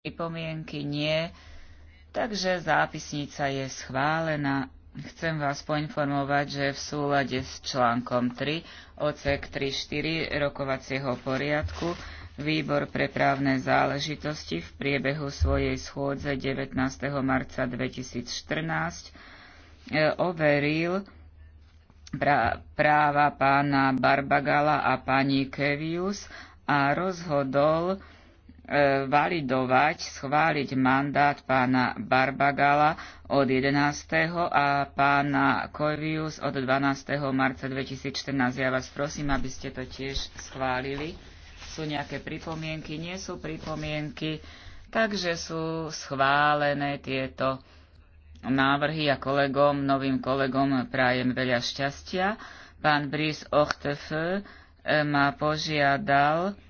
pripomienky nie, takže zápisnica je schválená. Chcem vás poinformovať, že v súlade s článkom 3 odsek 3.4 rokovacieho poriadku Výbor pre právne záležitosti v priebehu svojej schôdze 19. marca 2014 e, overil práva pána Barbagala a pani Kevius a rozhodol, validovať, schváliť mandát pána Barbagala od 11. a pána Kovius od 12. marca 2014. Ja vás prosím, aby ste to tiež schválili. Sú nejaké pripomienky? Nie sú pripomienky. Takže sú schválené tieto návrhy a kolegom, novým kolegom prajem veľa šťastia. Pán Brice Ochtefe eh, ma požiadal,